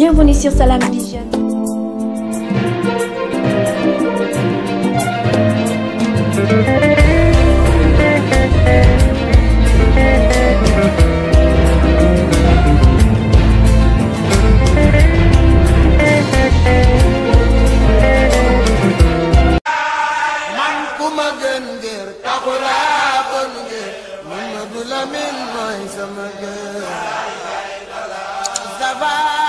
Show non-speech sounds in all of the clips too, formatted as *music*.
Bienvenue sur Salam Vision. Lamin mooy sama gër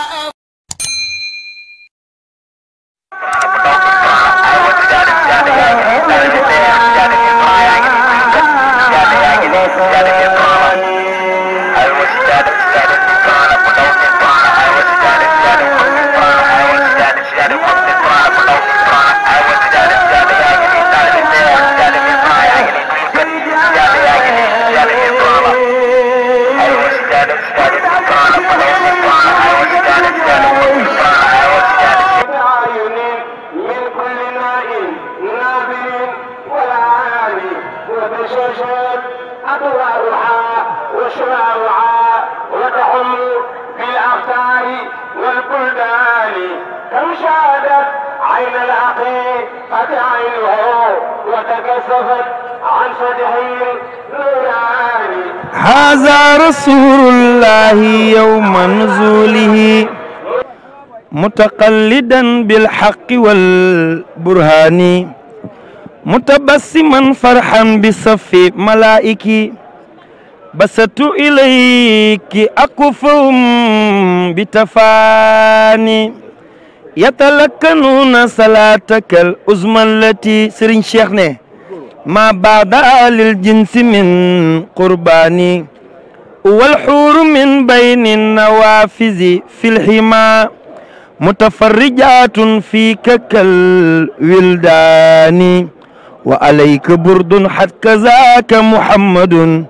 هذا رسول الله يوم نزوله متقلدا بالحق والبرهان متبسما فرحا بصف ملائكي بسط إليك أكفهم بتفاني يتلكنون صلاتك الأزمى التي سرين شيخنا ما بعد للجنس من قرباني والحور من بين النوافذ في الحمى متفرجات فيك كالولدان وعليك برد حتى ذاك محمد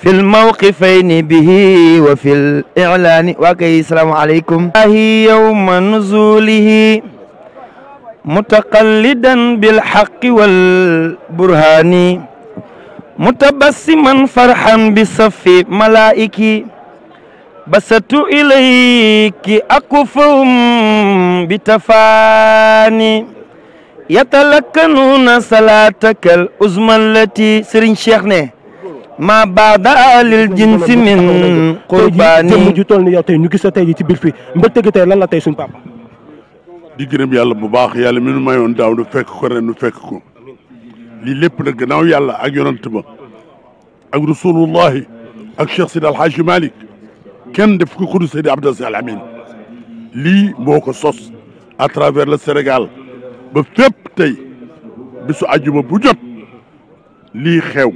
في الموقفين به وفي الإعلان وكي السلام عليكم يوم نزوله متقلدا بالحق والبرهان متبسما فرحا بصف ملائكي بسط إليك أكفهم بتفاني يتلكنون صلاتك العظمى التي سرين شيخ ne ما بعد للجنس من قرباني tey ji toll ni yow tey ñu gis la tey ji ci biir fii mbégte gi tey lan la tey suñu papa di gërëm yàlla bu baax yàlla mi nu mayoon daaw nu fekk ko ren nu fekk ko lii lépp nag gannaaw yàlla ak yonant ba ak rasulullahi ak Cheikh Sidi Alhaaji Malick kenn def ko kudu Seydi Abdou Aziz lii moo ko sos à travers le senegal ba fépp tey bisu àjjuma bu lii xew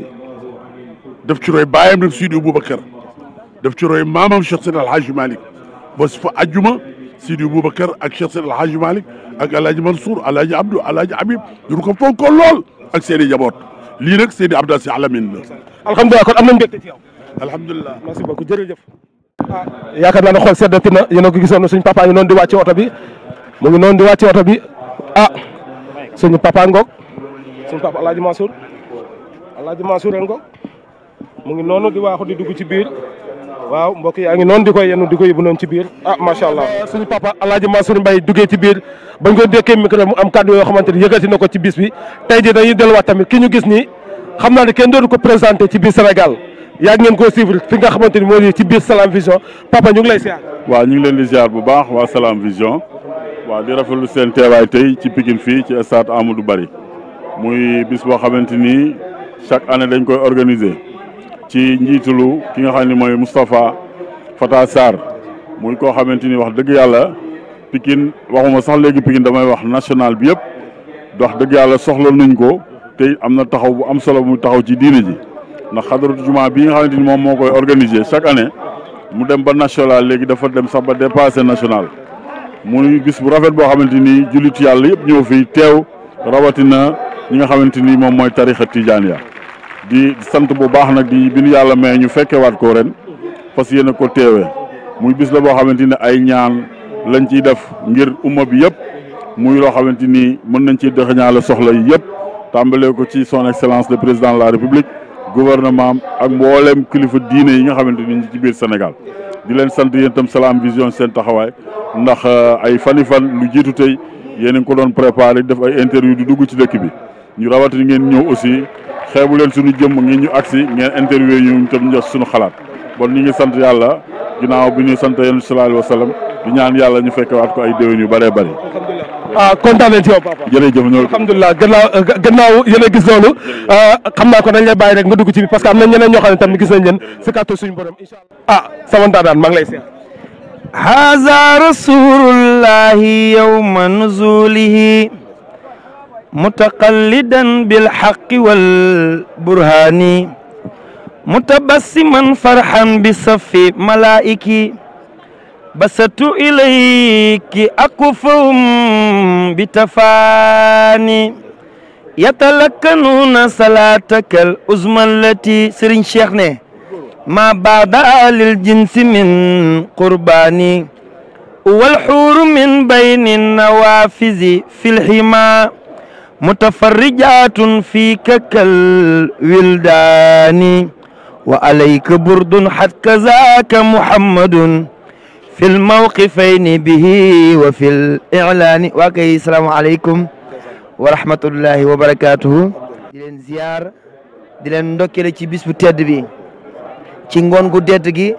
def ci roy baayam nag Sidi Boubacar daf ci rooy maamam Cheikh Seydi Alhaaji Malick ba su fa àjjuma Sidi Boubacar ak Cheikh Seydi Alhaaji ak El Hadj Mansour El Hadj Abdou El Hadj Habib lool ak seen i jaboot lii nag Seydi Abdou Aziz Sy Al Amine la. alhamdulilah kon am nañu mbégte ci yow. alhamdulilah merci beaucoup jërëjëf. yaakaar naa ne xool seddati na yéen a ko gisoon suñ papa ngi noonu di wàcce oto bi mu ngi noonu di wàcce oto bi ah suñu papa ngoog suñu papa El Hadj Mansour El Hadj Mansour ngoog mu ngi noonu di waaxu di dugg ci biir. waaw mbokk yaa ngi noonu di koy yenu di ko yóbbu noonu ci biir ah macha allah suñu papa alaaji Mansour Mbaye duggee ci biir bañ ko dékkee micro mu am kàddu yoo xamante ni yëkkati ko ci bis bi tey jii dañuy delluwaat tamit ki ñu gis nii xam naa ne kenn dootu ko présenté ci biir Sénégal yaa ngeen koo suivre fi nga xamante ni moo di ci biir Salam Vision papa ñu ngi lay ziar waa ñu ngi leen di ziar bu baax waa Salam Vision waaw di rafetlu seen teewaay tey ci Pikine fii ci stade Amadou Barry muy bis boo xamante ni chaque année dañ koy organiser ci njiitalu ki nga xam ne mooy Moustapha Fata Sarr muy koo xamante ni wax dëgg yàlla Pikine waxuma sax léegi Pikine damay wax national bi yëpp wax dëgg yàlla soxla nañ ko te am na taxaw bu am solo bu taxaw ci diine ji ndax xadaratu jumaa bi nga xamante ni moom moo koy organiser chaque année mu dem ba national léegi dafa dem sax ba dépassé national muy gis bu rafet boo xamante ni jullit yàlla yëpp ñëw fii teew rawatina ñi nga xamante ni moom mooy tarixa tijaaniya di sant bu baax nag di bi yàlla may ñu fekkewaat koo ren fas yéene ko teewee muy bis la boo xamante ni ay ñaan lañ ciy def ngir umma bi yëpp muy loo xamante ni mën nañ ciy dëxëñaale soxla yi yëpp tàmbalee ko ci son excellence de président de la république gouvernement ak mbooleem kilifa diine yi nga xamante ni ci biir Sénégal di leen sant yéen tam Salam Vision seen taxawaay ndax euh, ay fani fan lu jiitu tey yéen a ko doon préparé def ay interview di dugg ci dëkk bi xeebu leen suñu jëmm ngi ñu agsi ngeen interview yi ñu tam jox suñu xalaat bon ñu sant yàlla ginnaaw bi ñu sant yéen sallallahu alayhi wa sallam di ah, gannaaw gannaaw a gis loolu ah, xam naa ko dañ lay bàyyi rek nga dugg ci parce que am na ñeneen ñoo xam ne gis nañ leen si kàttu suñu borom incha allah ah sama maa ngi lay seet haza rasulullahi yawma nuzulihi mutaqallidan bil haqqi wal burhani mutabassiman farhan bi safi malaiki basatu ilayki akufahum bi tafani yatalakkanuna salatakal uzmallati Serigne Cheikh ne ma baada lil jinsi min qurbani wal huru min bayni nawafizi fil hima mutafarrijatun fika kal wildaani wa alayka burdun xat kazaaka muhammadun fi lmawqifayni bihi wa fi l ilaani waa kay salaamaaleykum wa rahmatullahi wa barakaatuhu di leen ziyaar di leen ndokkele ci bis bu tedd bi ci ngoon gu tedd gi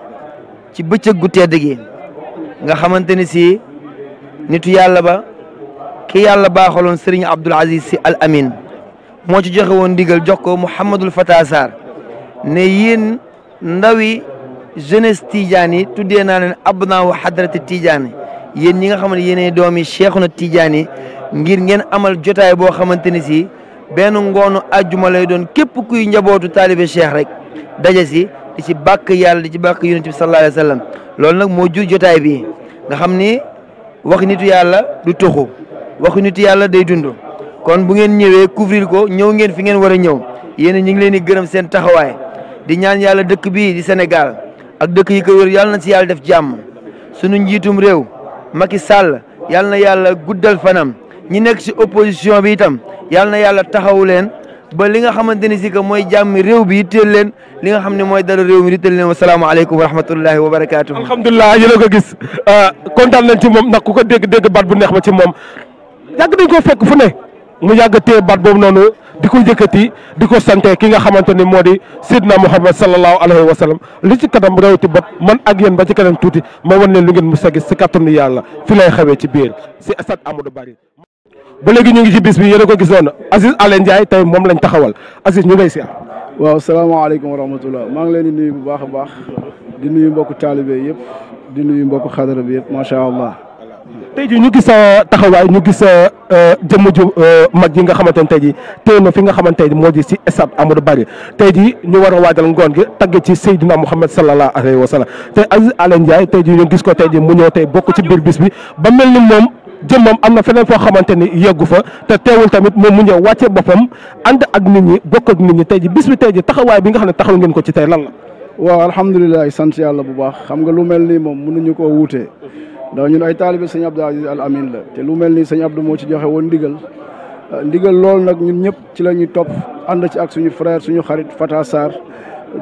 ci bëccëg gu tedd gi nga xamante ni si nitu yàlla ba ki yàlla baaxaloon Serigne Abdoul Aziz Sy Al Amine moo ci joxe woon ndigal jox ko Mouhamadul Fata Sarr ne yéen ndawi jeunesse Tidjane yi tuddee naa leen abnaawu hadrati Tidjane yéen ñi nga xam ne yéenay doom yi Cheikhuna Tidjane ngir ngeen amal jotaay boo xamante ni si benn ngoonu àjjuma lay doon képp kuy njabootu taalibe Cheikh rek daje si di ci bakk yàlla di ci bàkk yonent bi sallallahu wa sallam loolu nag moo jur jotaay bi nga xam ni wax nitu yàlla du toxu waxu nit yàlla day dund kon bu ngeen ñëwee couvrir ko ñëw ngeen fi ngeen war a ñëw yéen ñu ngi leen di gërëm seen taxawaay di ñaan yàlla dëkk bi di Sénégal ak dëkk yi ko wër yàlla na ci yàlla def jàmm sunu njiitum réew Macky Sall yàlla na yàlla guddal fanam ñi nekk si opposition bi itam yàlla na yàlla taxawu leen ba li nga xamante ni si que mooy jàmm réew bi yitteel leen li nga xam ne mooy dara réew mi yitteel leen wasalaamaaleykum wa rahmatullahi wa barakaatu. alhamdulilah yéen a ko gis euh, moom ndax ku ko dégg dégg baat bu neex ba ci moom. yàgg dañ koo fekk fu ne mu yàgg téye baat boobu noonu di ko yëkkati di ko sante ki nga xamante ni moo di Seydina Muhammad sallallahu alayhi wa sallam li ci kanam rawati bot man ak yen ba ci kanam tuuti ma wan leen lu ngeen mu seggi si kattanu yàlla fi lay xewee ci biir si stade Amadou Barry ba léegi ñu ngi ci bis bi yéen a ko gisoon Aziz Alen Ndiaye tey moom lañ taxawal Aziz ñu ngay si waaw salaamaaleykum wa rahmatullah maa ngi leen di nuyu bu baax a baax di nuyu mbokku taalibe di nuyu mbokku xadara bi yëpp macha allah tey ji ñu gis sa euh, taxawaay ñu gis sa euh, euh, jëmm ju mag yi nga xamante ne tey ji téye na fi nga xamante ne moo di si stade Amadou Barry tey ji ñu war a waajal ngoon gi tagg ci Seydina Mouhamed sallallahu alayhi wa sallam tey Aziz Aly Ndiaye tey ji ñu gis ko tey ji mu ñëw tey bokk ci biir bis bi ba mel ni moom jëmmam am na feneen foo xamante ni yeggu fa te teewul tamit moom mu ñëw wàcce boppam ànd ak nit ñi bokk ak nit ñi tey ji bis bi tey ji taxawaay bi nga xam ne taxaw ngeen ko ci tey lan la waaw alhamdulilah sant yàlla bu baax xam nga lu mel nii moom mënuñu koo wuutee ndax ñun ay taalibe sëñ Abdou Aziz Al Amin la te lu mel ni sëñ Abdou moo ci joxe woon ndigal euh, ndigal lool nag ñun ñëpp ci la ñuy topp ànd ci ak suñu frère suñu xarit Fata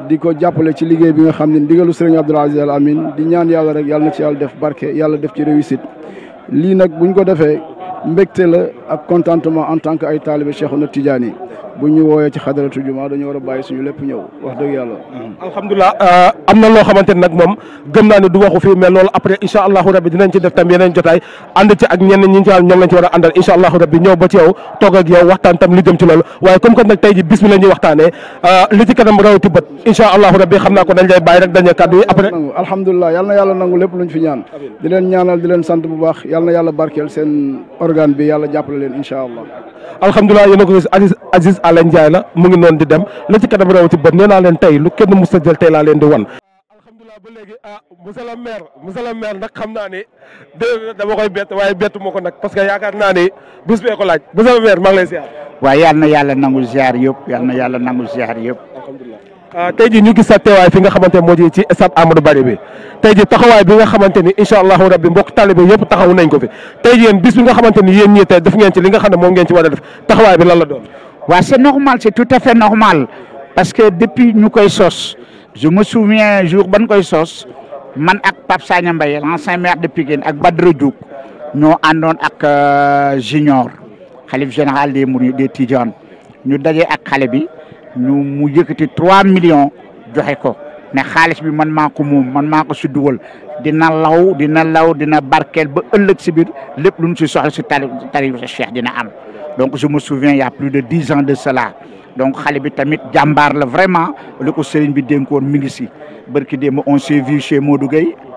di ko jàppale ci liggéey bi nga xam ne ndigalu sëriñ Abdou Aziz Al Amin di ñaan yàlla rek yàlla na ci yàlla def barke yàlla def ci réussite. lii nag bu ñu ko defee mbégte la ak contentement en tant que ay taalibe Cheikhouna Tidiane bu ñu wooyee ci xadaratu juma dañu war bàyyi suñu lépp ñëw wax dëgg yàlla. alhamdulilah euh, am na loo xamante nag moom gëm naa ne du waxu fii mais loolu après incha allahu rabi dinañ ci def tam yeneen jotaay ànd ci ak ñenn ñi nga ci war a àndal allahu rabi ñëw ba ci yow toog ak yow waxtaan tam li jëm ci loolu waaye comme que nag tey ji bis bi la euh, li ci kanam rawati bët incha allahu rabi xam naa ko dañ lay bàyyi rek dañuy kàddu yi alhamdulilah yéen a ko gis Aziz Aziz Alain Ndiaye la mu ngi noonu di dem la ci kanam raw ci bët nee naa leen tey lu kenn mës a jël tey laa leen di wan. alhamdulilah ba léegi ah monsieur le maire monsieur le maire nag xam naa ne de dama koy bett waaye bettu ma ko nag parce que yaakaar naa ne bés bee ko laaj monsieur le maire maa ngi waaye yal na yàlla nangul ziar yëpp yal na yàlla nangul ziar yëpp. Euh, tey ji ñu gis sa teewaay fi nga xamante ne moo ji ci stade Amadou Barry bi tey ji taxawaay bi nga xamante ni incha allahu rabbi mbokk talibé yëpp taxaw nañ ko fi tey ji yéen bis bi nga xamante ni yéen ñii def ngeen ci li nga xam ne moom ngeen ci war a def taxawaay bi lan la doon waaw c'est normal c'est tout à fait normal parce que depuis ñu koy sos je me souviens jour ban koy soos man ak Pape Sagna Mbaye l'ancien maire de Pikine ak Badra Diouk ñoo àndoon ak euh, junior xalif général des Mourides des Tidiane ñu mu yëkkati trois millions joxe ko ne xaalis bi man maa ko moom man maa ko si dugal dina law dina law dina barkeel ba ëllëg si biir lépp lu ñu si soxla si tari tari Cheikh dina am donc je me souviens il plus de dix ans de cela donc xale bi tamit jàmbaar la vraiment li ko sëriñ bi dénkoon mi ngi si barki démb on s'est vu chez Modou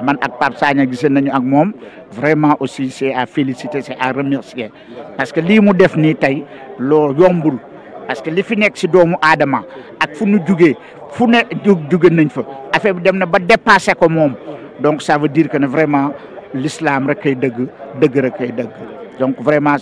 man ak Pape Sagna gisee nañu ak moom vraiment aussi c'est à féliciter c'est à remercier parce que lii mu def nii tey loo yombul. parce que li fi nekk si doomu aadama ak fu nu jugee fu ne juge nañ fa affaire bi dem na ba dépassé ko moom donc ça veut dire que ne vraiment lislaam rek kay dëgg dëgg rek kay dëgg donc vraiment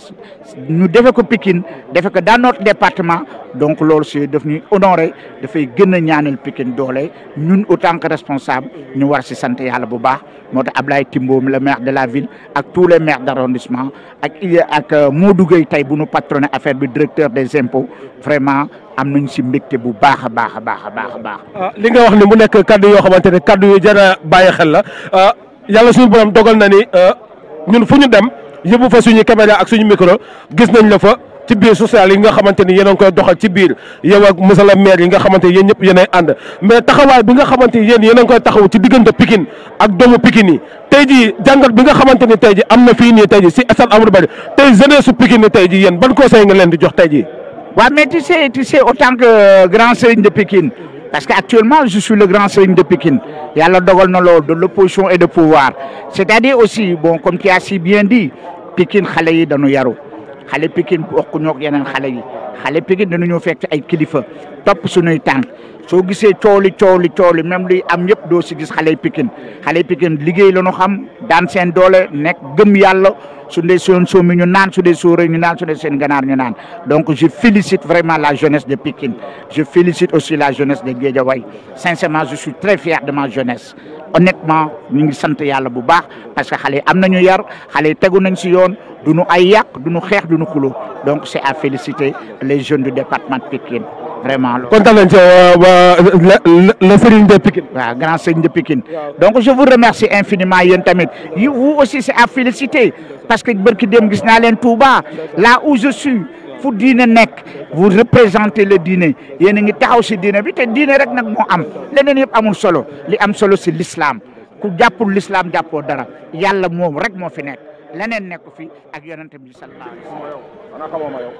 ñu defe ko Pikine defe ko dans notre département donc loolu si daf ñuy honoré dafay gën a ñaanal Pikine doole ñun autant que responsable ñu war si sant yàlla bu baax moo tax Ablaye Timbo le maire de la ville ak tous les maires d' arrondissement ak ak euh, Modou Gueye tey bu ñu patronné affaire bi directeur des impôts vraiment am nañ si mbégte bu baax a baax a baax baax baax. Ah, li nga wax ni mu nekk kaddu yoo xamante ne kaddu yu jar a bàyyi xel la ah, yàlla suñu borom dogal yóbbu fa suñu caméra ak suñu micro gis nañ la fa ci biir sociale yi nga xamante ni yéen a ngi koy doxal ci biir yow ak monsieur le maire yi nga xamante yéen ñëpp yéen ay ànd mais taxawaay bi nga xamante yéen yéen a ngi koy taxaw ci diggante Pikine ak doomu Pikine yi tey jii jàngat bi nga xamante ni tey ji am na fii nii tey ji si stade Amadou Barry tey jeunesse su Pikine yi ji yéen ban conseil nga leen di jox tey jii waaw mais tu sais tu sais autant que grand serigne de Pikine Parce que qu'actuellement, je suis le grand Serigne de Pékin. Il y a le Dogol Nolo, de l'opposition et de pouvoir. C'est-à-dire aussi, bon, comme tu as si bien dit, Pékin Khalayi dans nos yaro. Khalayi Pékin, Okunyok Yanan Khalayi. Khalayi Pékin, nous nous fait avec Kilifa. Top sur nos temps. soo gisee coow li coow li coow li même luy am yëpp doo si gis xale yi Pikine xale yi Pikine liggéey la ñu xam daan seen doole nekk gëm yàlla su dee seen soow mi ñu naan su dee soow rek ñu naan su dee seen ganaar ñu naan donc je félicite vraiment la jeunesse de Pikine je félicite aussi la jeunesse de Guédiawaye sincèrement je suis très fier de ma jeunesse honnêtement ñu ngi sant yàlla bu baax parce que xale am nañu yar xale tegu nañ si yoon du nu ay yàq du ñu xeex du nu xulo donc c'est à féliciter les jeunes du département de Pikine vraiment loolu kontaan nañ ci euh, euh, le Serigne de Pikine. waaw grand Serigne de Pikine. donc je vous remercie infiniment yéen tamit yi vous aussi c'est à féliciter parce que barki dem gis naa leen Touba là ou je suis. fu diine nekk vous représentez le diine yéen a ngi taxaw si diine bi te diine rek nag moo am leneen yëpp amul solo li am solo si l'islam ku jàppul l'islam jàppoo dara yàlla moom rek moo fi nekk leneen nekku fi ak yonente bi sallallahu alayhi wa sallam. ana xamoo ma yow.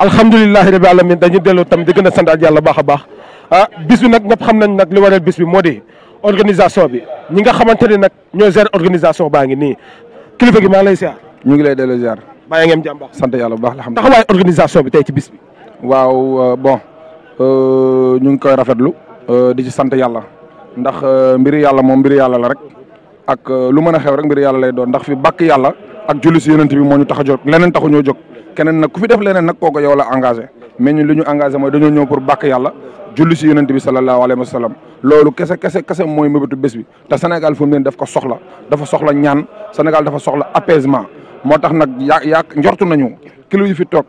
alhamdulilahi rabi alamin dañu delloo tam di gën a santaat yàlla baax a baax ah bis nag ñëpp xam nañ nag li waral bis bi moo di organisation bi ñi nga xamante ne nag ñoo gérer organisation baa ngi nii kilifa gi maa ngi lay ziar. ñu ngi lay delloo ziar. bàyyi ngeen jàmm baax sant yàlla bu baax alhamdulilah taxawaay organisation bi tey ci bis bi. waaw euh, bon euh, ñu ngi koy rafetlu euh, di ci sant yàlla ndax mbiri yàlla moom mbiri yàlla la rek. ak euh, lu mën a xew rek mbir yàlla lay doon ndax fi bàkk yàlla ak julli si yonent bi moo ñu tax a jóg leneen taxu ñoo jóg keneen nag ku fi def leneen nag kooku yow la me mais ñun li ñu engagé mooy dañoo ñëw pour bàkk yàlla julli si yonent bi sallallahu alayhi wa sallam loolu kese kese kese mooy mëbatu bés bi te Sénégal fu mu ne ko soxla dafa soxla ñaan Sénégal dafa soxla apaisement moo tax nag yaa yaa njortu nañu kilifa yi fi toog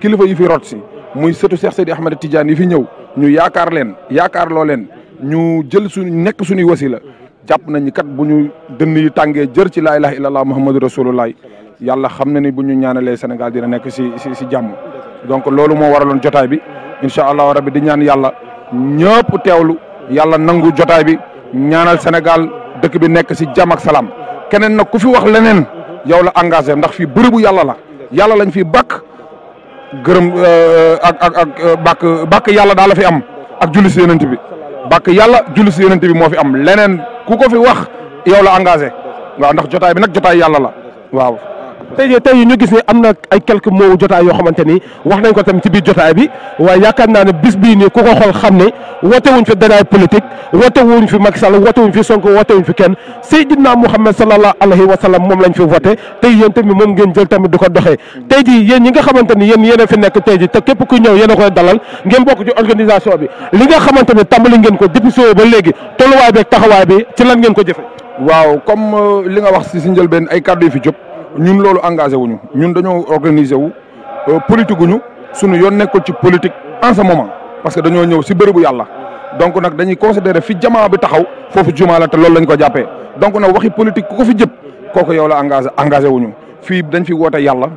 kilifa yi fi rot si muy sëtu Cheikh Seydi Ahmed Tidiane yi fi ñëw ñu yaakaar leen yaakaar loo leen ñu jël suñu nekk suñuy wasila jàpp nañu kat bu ñu dënn yi tàngee jër ci laa ilaha illallah muhammadu rasulullah yàlla xam na ni bu ñu ñaanalee Sénégal dina nekk si si si jàmm donc loolu moo waraloon jotaay bi incha allah rabbi di ñaan yàlla ñëpp teewlu yàlla nangu jotaay bi ñaanal Sénégal dëkk bi nekk si jàmm ak salaam keneen nag ku fi wax leneen yow la engagé ndax fii bërëbu yàlla la yàlla lañ fi bàkk gërëm euh, ak ak euh, yàlla daal la fi am ak julli si yonent bi bàkk yàlla julli si yonent bi moo fi am leneen ku ko fi wax yow la engagé waaw ndax jotaay bi nag jotaay yàlla la waaw tey jii tey ñu gis ne am na ay quelques mots jotaay yoo xamante ni wax nañ ko tamit ci biir jotaay bi waaye yaakaar naa ne bis bii nii ku ko xool xam ne woote wuñ fi danaay politique woote wuñ fi Macky Sall woote wuñ fi Sonko woote wuñ fi kenn Seydina Mouhamed sallallahu alayhi wa sallam moom lañ fi voté tey yéen tamit moom ngeen jël tamit di ko doxee tey jii yéen ñi nga xamante ni yéen yéen fi nekk tey jii te képp ku ñëw yéen koy dalal ngeen bokk ci organisation bi li nga xamante ni tàmbali ngeen ko depuis ba léegi tolluwaay beeg taxawaay bi ci lan ngeen ko jëfe waaw comme euh, li nga wax si si njëlbeen ay kàddu yu fi jub ñun loolu engagé wuñu ñun dañoo organiser wu euh, politique guñu suñu yoon nekkul ci politique en ce moment parce que dañoo ñëw si bërëbu yàlla donc nag dañuy considérer fi jamaa bi taxaw foofu jumaa la te loolu lañ ko jàppee donc nag waxi politique ku ko fi jëpp kooku yow la engagé engagé wuñu fii dañ fi woote yàlla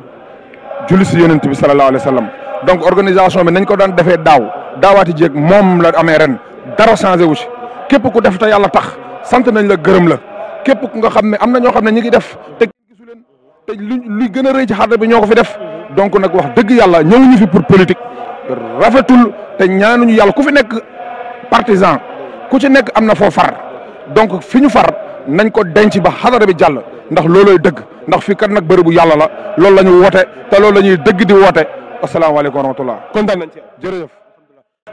julli si yonent bi sallallahu alayhi wa sallam donc organisation bi nañ ko daan defee daaw daawaati jéeg moom la amee ren dara changé wu si képp ku def ta yàlla tax sant nañ la gërëm la képp ku nga xam ne am na ñoo xam ne ñi ngi te lu lu gën a rëy ci xadra bi ñoo ko fi def donc nag wax dëgg yàlla ñëwuñu fi pour politique rafetul te ñaanuñu yàlla ku fi nekk partisan ku ci nekk am na foo far donc fi ñu far nañ ko denc ba xadara bi jàll ndax loolooy dëgg ndax fii kat nag bërëbu yàlla la loolu la woote te loolu la ñuy dëgg di woote asalaamaaleykum wa rahmatullah kontaan nañ ci jërëjëf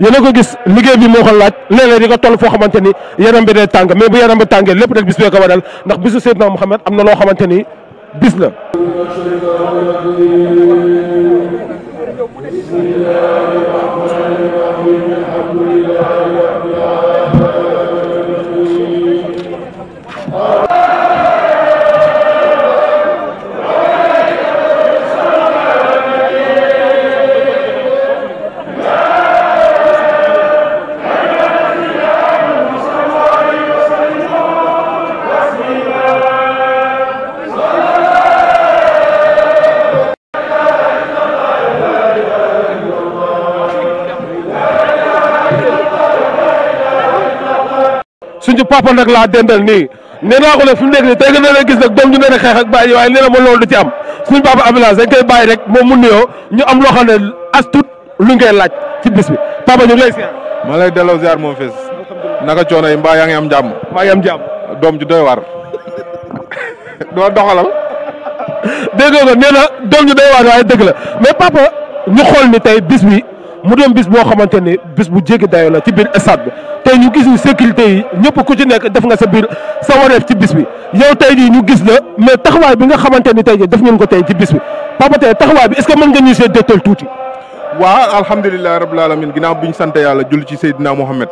yéen a ko gis liggéey bi moo ko laaj léeg-léeg toll foo xamante ni yaram bi day tàng mais bu yaram bi tàngee lépp rek loo xamante ni bis la papa nag laa dendal nii nee naa ko ne fi mu nekk nii tey gën a gis nag doom ñu ne ne xeex ak bàyyi waaye nee na ma loolu du ci am suñu papa ambulance dañ koy bàyyi rek moom mu nuyoo ñu am loo xam ne as tuut luñ koy laaj ci bis bi papa ñu lay ziar. ma lay delloo ziar moom fees naka coono yi mbaa yaa ngi am jàmm. mbaa yaa ngi am jàmm. doom ju doy war doo doxalal. *laughs* dégg nga nee na doom ju doy war waaye dëgg la mais papa ñu xool ni tey bis bi. mu doon bis boo xamante ne bis bu jéggi dayoo la ci biir stade bi tey ñu gis ni sécurité yi ñëpp ku ci nekk def nga sa biir sa wareef ci bis bi yow tey jii ñu gis la mais taxawaay bi nga xamante ni tey jii def ngeen ko tey ci bis bi papa tey taxawaay bi est-ce que mën nga ñu see dëttal tuuti. waaw alhamdulilah rabbil alamin ginnaaw bi ñu sant yàlla jull ci Seydina Mohamed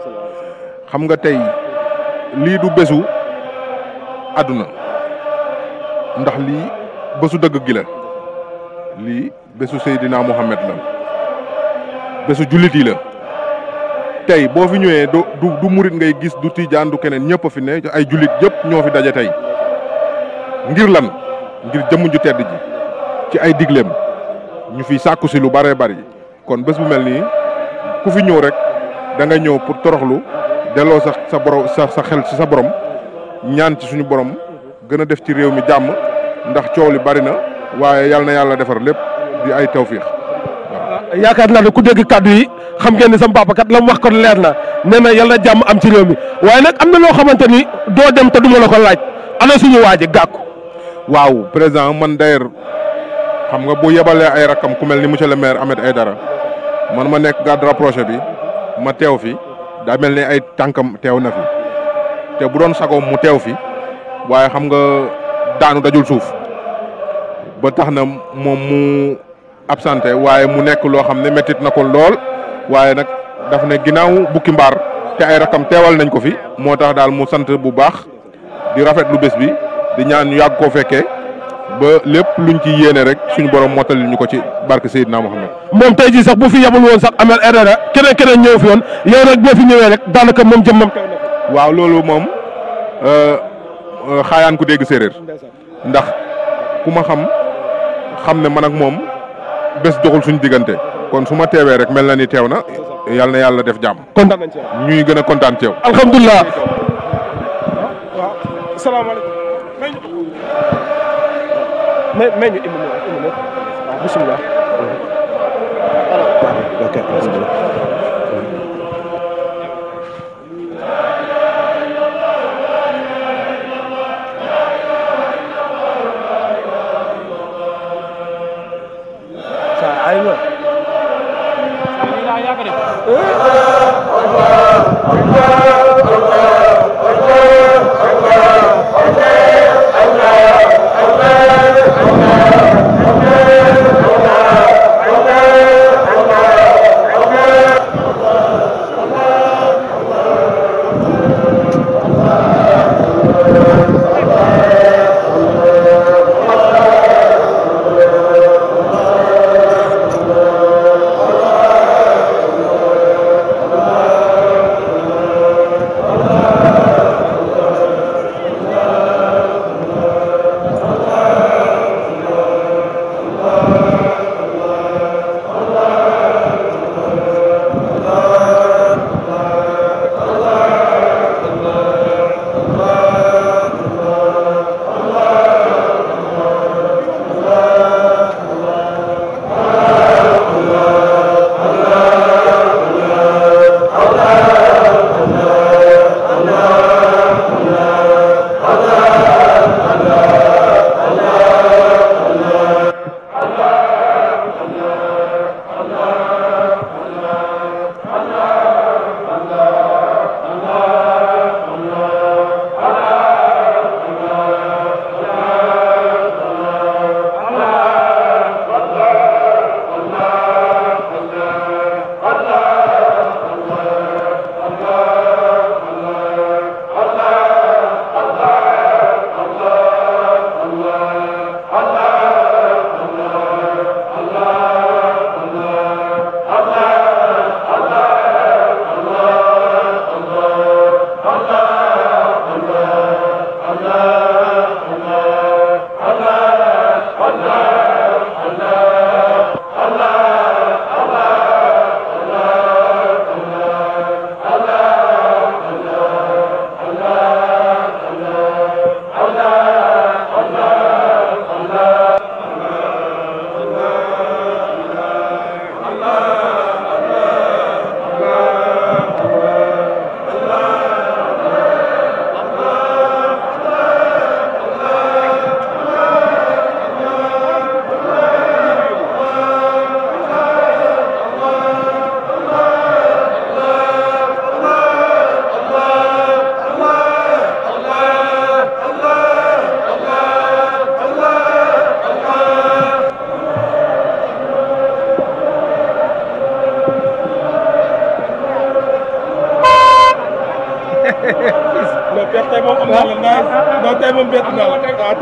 xam nga tey lii du bésu àdduna ndax lii bésu dëgg gila la lii bésu Seydina Mohamed bésu jullit yi la tey boo fi ñëwee du du murit ngay gis du tijaan du keneen ñëpp fi ne ay jullit yëpp ñoo fi daje tey ngir lan ngir jëmm ju tedd ji ci ay digleem ñu fi sàkku si lu bëree bari kon bés bu mel nii ku fi ñëw rek da nga ñëw pour toroxlu delloo sa sa borom sa sa xel ci sa borom ñaan ci suñu borom gën a def ci réew mi jàmm ndax coow li bari na waaye yàlla na yàlla defar lépp di ay tawfiix yaakaar naa ne ku dégg kàddu yi xam ngeen ne sama papa kat la mu wax kon leer na nee na jàmm am ci réew mi waaye nag am na loo xamante ni doo dem te du ma la ko laaj ana suñu waaji gàkku. waaw président man d'ailleurs xam nga bu yebalee ay rakkam ku mel ni monsieur le maire Ahmed Aïdara man ma nekk garde rapproché bi ma teew fi daa mel ni ay tànkam teew na fi te bu doon sagoom mu teew fi waaye xam nga daanu dajul suuf ba tax na moom mu. absenté waaye mu nekk loo xam ne méttit na ko lool waaye nag daf ne ginnaaw bukki mbaar te ay rakam teewal nañ ko fi moo tax daal mu sant bu baax di rafet lu bés bi di ñaan yàgg koo fekkee ba lépp luñ ci yéene rek suñu borom mottali ñu ko ci barke Seydina Mohamed. moom tey jii sax bu fi yabul woon sax amel RRA keneen keneen ñëw fi woon yow nag boo fi ñëwee rek daanaka moom jëmmam teew na waaw loolu moom euh, euh, xaayaan ku dégg séeréer ndax ku ma xam xam ne man ak moom. bés doxul suñu diggante kon su ma teewee rek mel na ni teew na yàlla yàlla def jàmm. kontaan nañ ci ñuy gën a kontaan teew. alhamdulilah. waaw salaamaaleykum. الله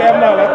am naa la.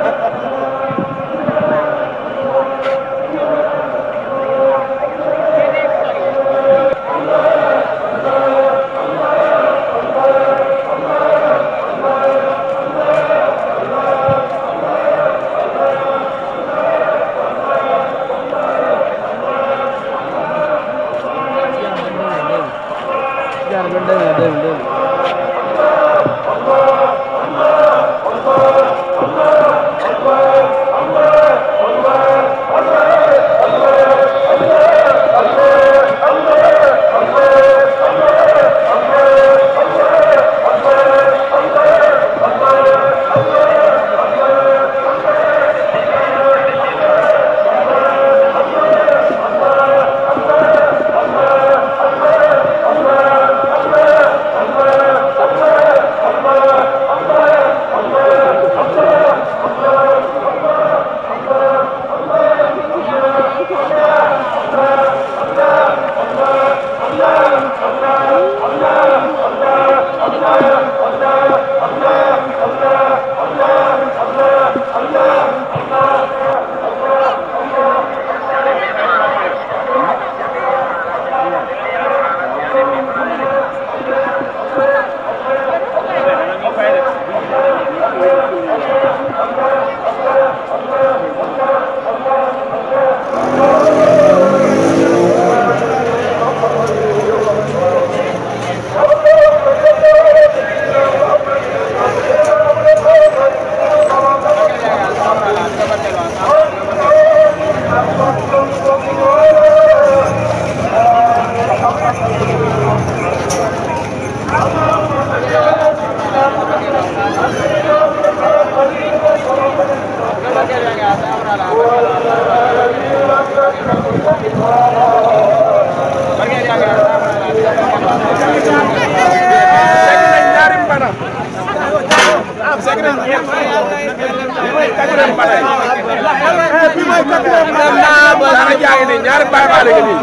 daanaka jaay nañ ñaari baay baa léegi nii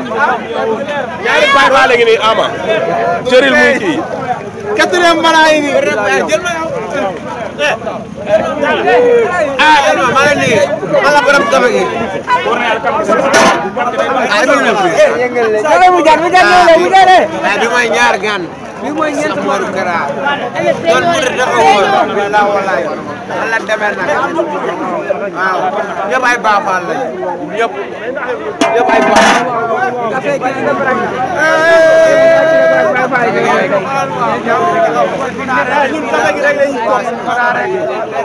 ñaari baay baa léegi nii ama jëril muy kii quatrième balaa yi nii ah non maa ngi nii maa ngi borom dama gi. ah dama ñu ñëw fii. mu jàll mu jàll mu jàll. ah bi may ñaar gan. bi mooy ñeent mooy gara doon murid dafa wóor wala wala wala demee nag waaw ñëpp ay baafaal lañ ñëpp ñëpp ay baafaal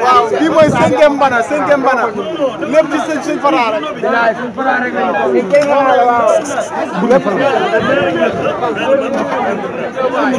waaw bii mooy cinquième bana cinquième bana lépp di sëñ suñ fara rek waaw lépp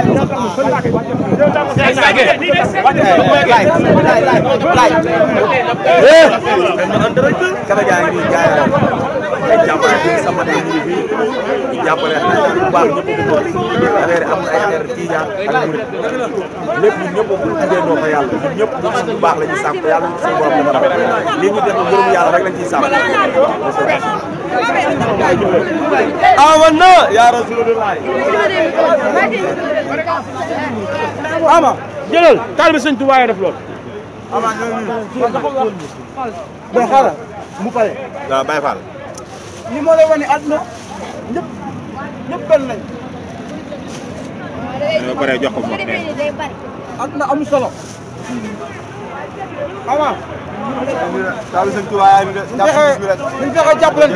lépp ñun ñëpp bu tuddee noo ko yàlla ñun ñëpp ñun suñu baax la ñuy sàkk yàlla suñu borom dafa rafet li ñu def ngërëm yàlla rek la ciy sàkk آمنا يا رسول الله ama jëlal taal bi sëñ Tuubaa def lool ama do xara mu pare da Baay Faal ni moo lay wane àdduna ñëpp ñëpp benn lañ ba pare jox ko mo àdduna am solo ah waaw. daal di sëñ Tuubaa bi de jàpp bi rek. ñu fexe jàppalante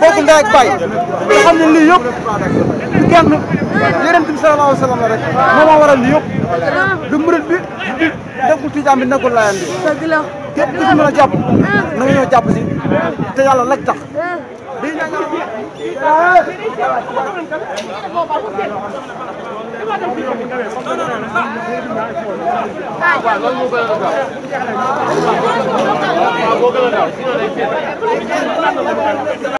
bokk ndey ne lii yëpp du kenn Yonent wa sallam la rek moo ma waral lii yëpp du murit bi du nekkul tijaan a jàpp na nga ñëw jàpp si te yàlla rek tax. waaw waaw loolu moo gën a